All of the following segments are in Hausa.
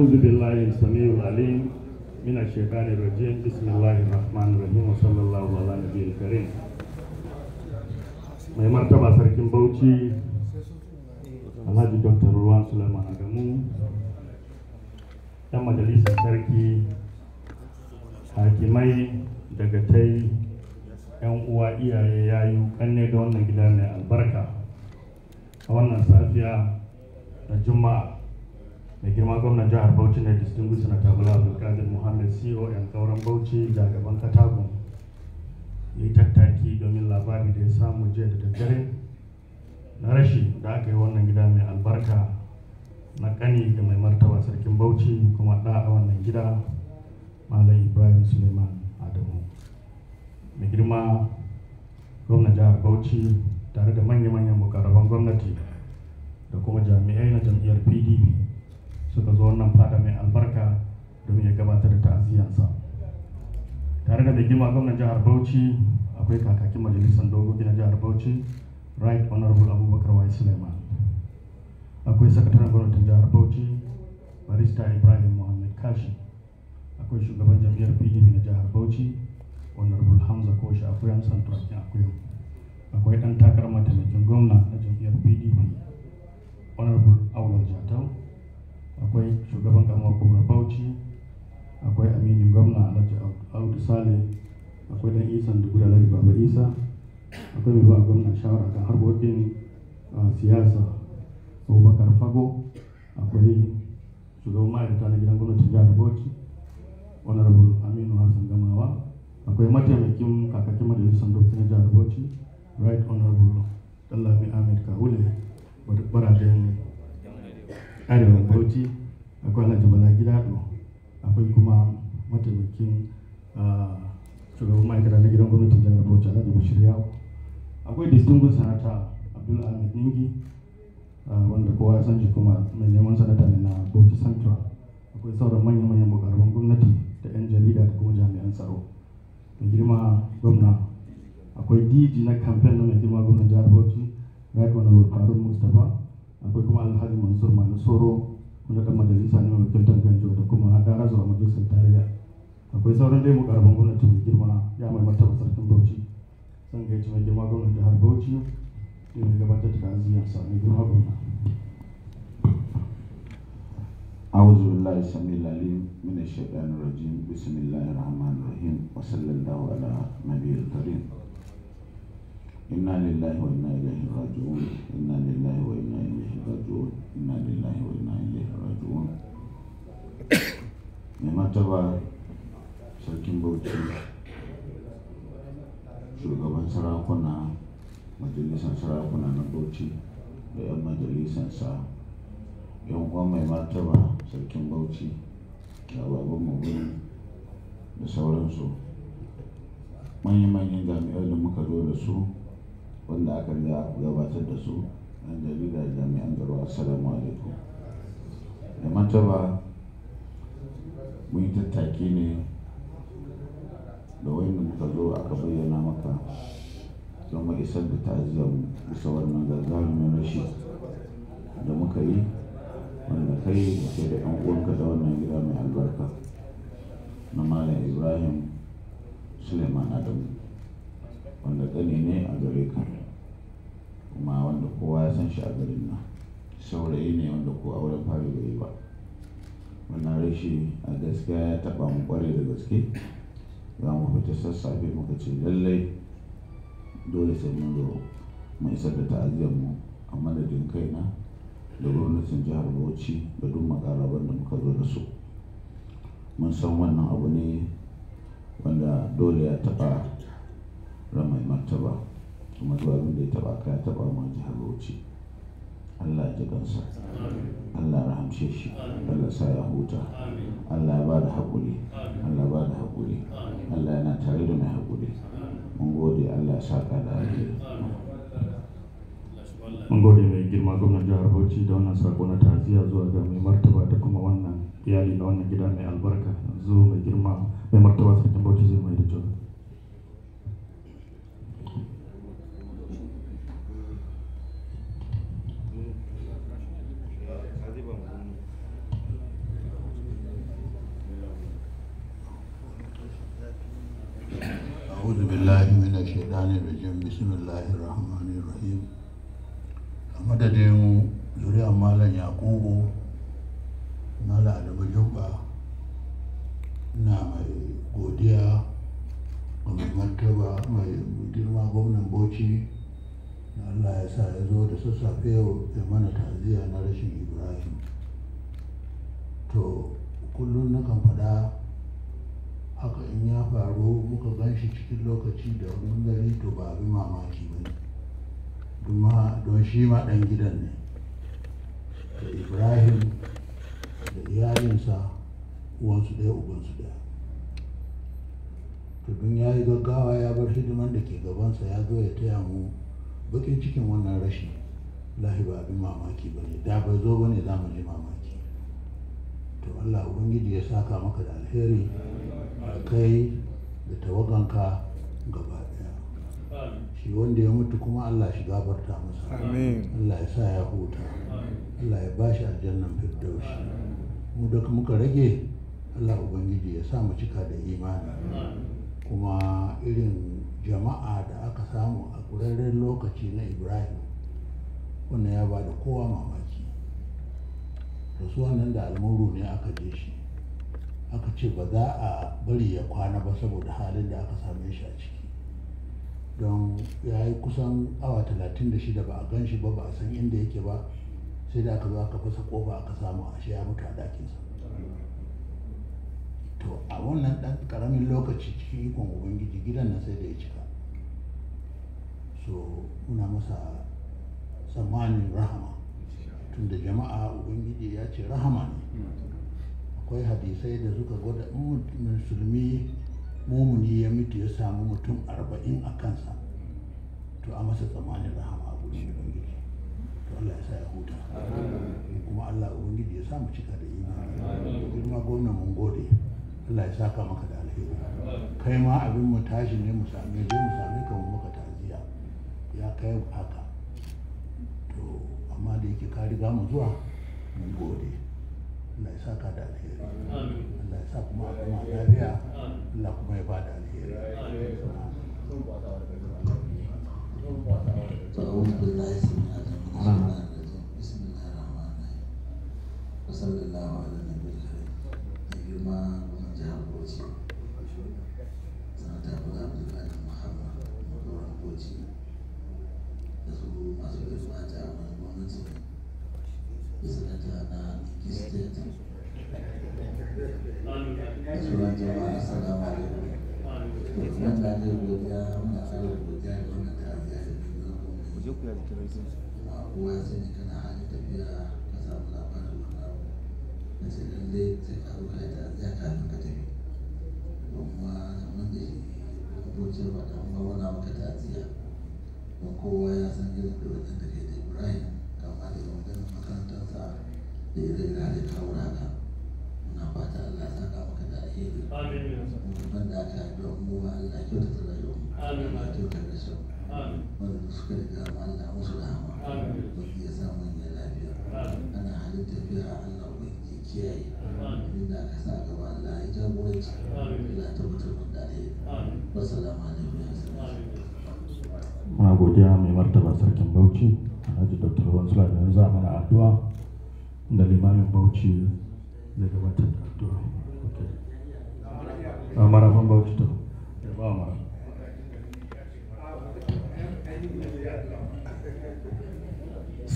أعوذ بالله السميع العليم من الشيطان الرجيم بسم الله الرحمن الرحيم وصلى الله على نبي الكريم mai martaba sarkin bauchi alhaji dr ruwan suleiman adamu yan majalisar sarki hakimai daga tai yan uwa iyaye yayu kanne da wannan gida mai albarka a wannan safiya na juma'a mai girma gwamnan jihar bauchi ne distinguished senator bala abdulkadir muhammad ceo yan sauran bauchi da gaban katagun ya yi tattaki domin labari da ya samu jiya da daddare na rashi da aka yi wannan gida mai albarka na kani da mai martaba sarkin bauchi kuma da a wannan gida malam ibrahim suleiman adamu mai girma gwamnan jihar bauchi tare da manya-manyan mukarraban gwamnati da kuma jami'ai na jam'iyyar pdp suka zo wannan fada mai albarka domin ya gabatar da ta'aziyyansa tare da mai gima gwamnan jihar bauchi akwai kakakin majalisar dokoki na jihar bauchi right honorable abubakar wai suleiman akwai sakataren gwamnatin jihar bauchi barista ibrahim muhammad kashi akwai shugaban jam'iyyar pdp na jihar bauchi honorable hamza koshi akwai hamsan turakin akwai akwai dan takarar mataimakin gwamna na jam'iyyar pdp honorable awal jatau akwai shugaban kamar kuma bauchi akwai aminin gwamna alhaji audu sale akwai dan isan da guda alhaji baba isa akwai mai ba gwamna shawara kan harkokin ah, siyasa abubakar fago akwai shugaban ma'aikata na gidan gwamnatin jihar bauchi honorable aminu hassan gamawa akwai mataimakin kakakin majalisar na jihar bauchi right honorable dallami ahmed kahule barajen arewan bauchi akwai alhaji bala gidado akwai kuma mataimakin ah, shugaban ma'aikata na gidan gwamnatin jihar bauchi alhaji bashir yawo akwai distinguished sanata abdul ahmed ningi ah, wanda kowa ya san shi kuma mai neman sanata ne na bauchi central akwai sauran manya-manyan mukarraban gwamnati da 'yan jarida da kuma jami'an tsaro mai girma gwamna akwai dj na kamfen na mai girma gwamnan jihar bauchi right honorable faruk mustapha akwai kuma alhaji mansur mani soro wanda dan majalisa ne mai wakiltar ganjo da kuma hadara zuwa majalisar tarayya akwai sauran dai mukarban gwamnati mai girma ya mai martaba sarkin bauchi san ga mai girma gwamnati jihar bauchi da mai gabatar da aziyar sa mai girma gwamna أعوذ بالله السميع العليم من الشيطان الرجيم بسم الله الرحمن الرحيم وصلى الله على نبي الكريم inna lillahi wa inna ilaihi raji'un inna lillahi wa inna ilaihi raji'un inna lillahi wa inna ilaihi raji'un mai martaba sarkin bauchi shugaban sarakuna majalisar sarakuna na bauchi da 'yan majalisarsa yan uwan mai martaba sarkin bauchi da baban maguri da sauransu manya-manyan jami'ai da muka zo da su wanda aka riga gabatar da su yan jarida jami'an garo assalamu alaikum da mataba mun yi tattaki ne da wani muka zo aka bayyana maka don mu isar da ta'aziyar bisa wannan gagarumin rashi da muka yi wanda kai da ke da yan uwanka da wannan gida mai albarka na malam ibrahim suleiman adamu wanda gani ne a gare ka kuma wanda kowa ya san shi a garin nan saurayi ne wanda ko auren fari bai yi ba wannan rashi a gaskiya ya taɓa mu kware da gaske za mu fita sassafe muka ce lallai dole sai mun zo mu isar da ta'aziyar mu a madadin kai na da gwamnatin jihar bauchi da duk makaraban da muka zo da su mun san wannan abu ne wanda dole ya taɓa ramai martaba kuma duk abin da ya taba ka taba ma ji Bauchi Allah ya jikansa Allah rahamshe shi Allah sa ya huta Allah ya bada haƙuri Allah ya bada haƙuri Allah yana tare da mai haƙuri mun gode Allah ya saka da alheri mun gode mai girma gwamnan jihar Bauchi da wannan sako na taziya zuwa ga mai martaba da kuma wannan iyali da wannan gida mai albarka yanzu mai girma mai martaba sarkin Bauchi zai mai da jawabi أعوذ بالله من الشيطان الرجيم بسم الله الرحمن الرحيم أمد ديمو زريا مالا يعقوب مالا أدب جنبا نعم godiya mai martaba mai girma gwamnan bauchi Allah ya sa ya zo da sassafe yau ya mana taziya na rashin ibrahim to kullum na kan faɗa haka in ya faru muka gan shi cikin lokaci da wani gari to ba abin mamaki ba ne don shi ma ɗan gidan ne da ibrahim da iyalinsa uwansu ɗaya ubansu ɗaya to ya yi gaggawa ya bar hidiman da ke gabansa ya zo ya taya mu bakin cikin wannan rashi lahi ba abin mamaki ba ne da bai zo ba ne za mu ji mamaki to allah ubangiji ya saka maka da alheri da kai da tawaganka gaba daya shi wanda ya mutu kuma allah shi gabarta masa allah ya sa ya huta allah ya bashi aljannan firdaushi mu da muka rage allah ubangiji ya sa mu cika da imani kuma irin jama'a da aka samu a ƙurarren lokaci na ibrahim wannan ya ba da kowa mamaki da su wannan da almuru ne aka je shi aka ce ba za a bari ya kwana ba saboda halin da aka same shi a ciki don ya yi kusan awa 36 ba a gan shi ba ba a san inda yake ba sai da aka zo aka fasa kofa aka samu a shi ya mutu a dakin wannan ɗan ƙaramin lokaci cikin ikon ubangiji gidan na sai da ya cika so muna masa tsammanin rahama tun da jama'a ubangiji ya ce rahama ne akwai hadisai da suka gwada musulmi mumuni ya mutu ya samu mutum arba'in a kansa to a masa tsammanin rahama a ubangiji to Allah ya sa ya huta kuma Allah ubangiji ya sa mu cika da imani girma gwamna mun gode Allah ya saka maka da alheri kai ma abin mu tashi ne mu same je mu same ka mu maka taziya ya kai haka to amma da yake ka riga mu zuwa mun gode Allah ya saka da alheri Allah ya sa kuma a kuma lafiya Allah kuma ya ba da alheri أعوذ بالله tafiya jikin rikin su kuma ya sani kana hali tafiya ka samu labarin wani abu na ce lallai sai ka zo kai ta ya kafin ka tafi kuma kamar da abocin faɗa kuma wani abu ka ta'aziyya kuma kowa ya san irin ɗorin da ke da ibrahim kama da maganin makarantarsa da irin da ya kawo haka muna fata allah ya saka maka da alheri amin da aka suka riga Allah musu dama wanda ya sa manya lafiya ana halin tafiya Allah mai ke kiyaye inda aka sa gaba Allah ya da alheri wassalamu alaikum ya muna godiya mai martaba sarkin bauchi alhaji dr ruwan sula da yanzu mana addu'a da limamin bauchi zai gabatar da addu'a marafan bauchi to ya ba marafan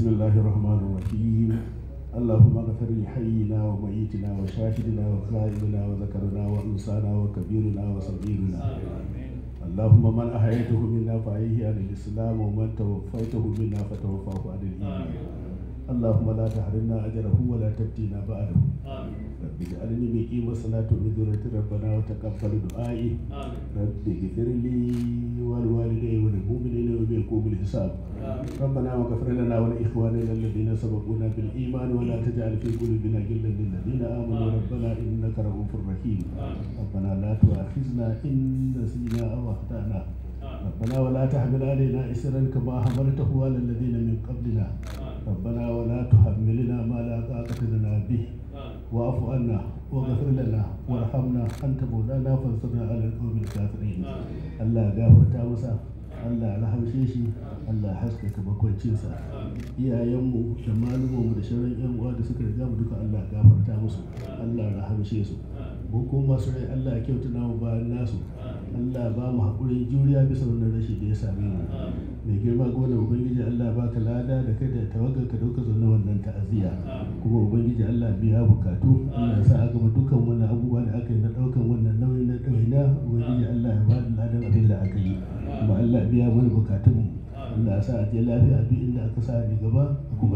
بسم الله الرحمن الرحيم اللهم اغفر لحينا وميتنا وشاهدنا وخائبنا وذكرنا وانسانا وكبيرنا وصغيرنا اللهم من احييته منا فاحيه على الاسلام ومن توفيته منا فتوفاه على الايمان اللهم لا تحرمنا اجره ولا تفتنا بعده امين ربك اجعلني مقيم الصلاة وذرية ربنا وتقبل دعائي رب اغفر لي ولوالدي وللمؤمنين وبيقوم الحساب ربنا وكفر لنا ولإخواننا الذين سبقونا بالإيمان ولا تجعل في قلوبنا غلا للذين آمنوا ربنا إنك رؤوف رحيم ربنا لا تؤاخذنا إن نسينا أو أخطأنا ربنا ولا تحمل علينا إسرا كما حملته على الذين من قبلنا ربنا ولا تحملنا ما لا طاقة لنا به واعف عنا واغفر لنا وارحمنا انت مولانا فانصرنا على القوم الكافرين الله غافر تامسا Allah rahamshe shi Allah haskaka bakwancinsa iyayenmu da malumanmu da shirin yan uwa da suka riga mu duka Allah gafarta musu Allah rahamshe su mu kuma masu rai Allah kyautata mu bayan nasu Allah ba mu haƙuri juriya bisa wannan rashi da ya same mu mai girma gona ubangiji Allah ba ka lada da kai da tawagar ka dauka zaune wannan ta'aziyya kuma ubangiji Allah biya bukatu Allah sa aka dukkan wannan abubuwa da aka yi na daukan wannan nauyin na ɗawaina ubangiji Allah ya ba da ladan abin da aka yi kuma Allah biya mana bukatun mu Allah sa a je lafiya duk inda aka sa ni gaba ku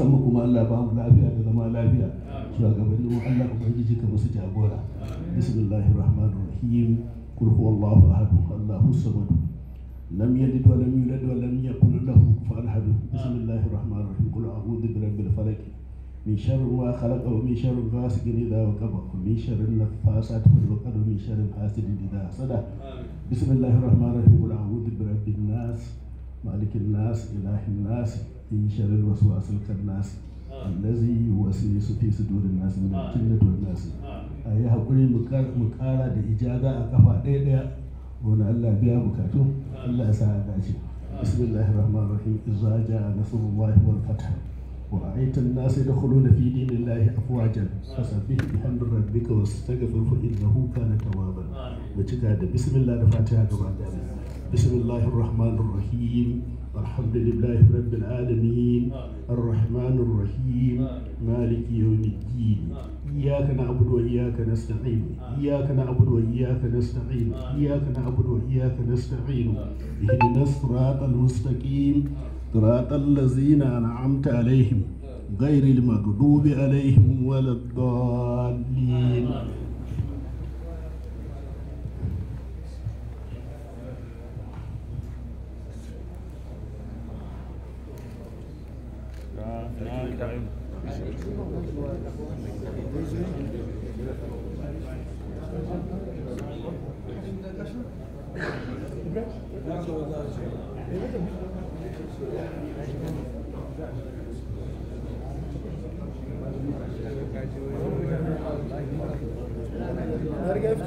sama kuma Allah ba mu lafiya da zama lafiya shugabannin Allah ubangiji ka musu jagora bismillahir rahmanir rahim kul huwallahu ahad allahus samad lam yalid wa lam yulad wa lam yakul lahu kufuwan ahad bismillahir rahmanir rahim kul a'udhu bi rabbil falaq uqad wa min sharri hasidin idha hasada bismillahir rahmanir rahim kul a'udhu bi rabbin nas malikin nas ilahin nas in sharar wasu wasu kan nasu ah. allazi wasu dorin nasu ah. nasu ah. a yi haƙuri mu ƙara da ijaga a kafa ɗaya ɗaya wani allah biya bukatu allah ya sa a dace bismillahir rahmanir rahim izza jaa nasrullahi wal fatah wa aitan nasu da kullu na fidi ne lahi afwajan fasabi bi hamdu rabbika wa astaghfiruhu innahu kana cika da bismillah da fatiha gaba gabata bismillah بسم الله الرحمن الرحيم الحمد لله رب العالمين الرحمن الرحيم مالك يوم الدين إياك نعبد وإياك نستعين إياك نعبد وإياك نستعين إياك نعبد وإياك نستعين اهدنا الصراط المستقيم صراط الذين أنعمت عليهم غير المغضوب عليهم ولا الضالين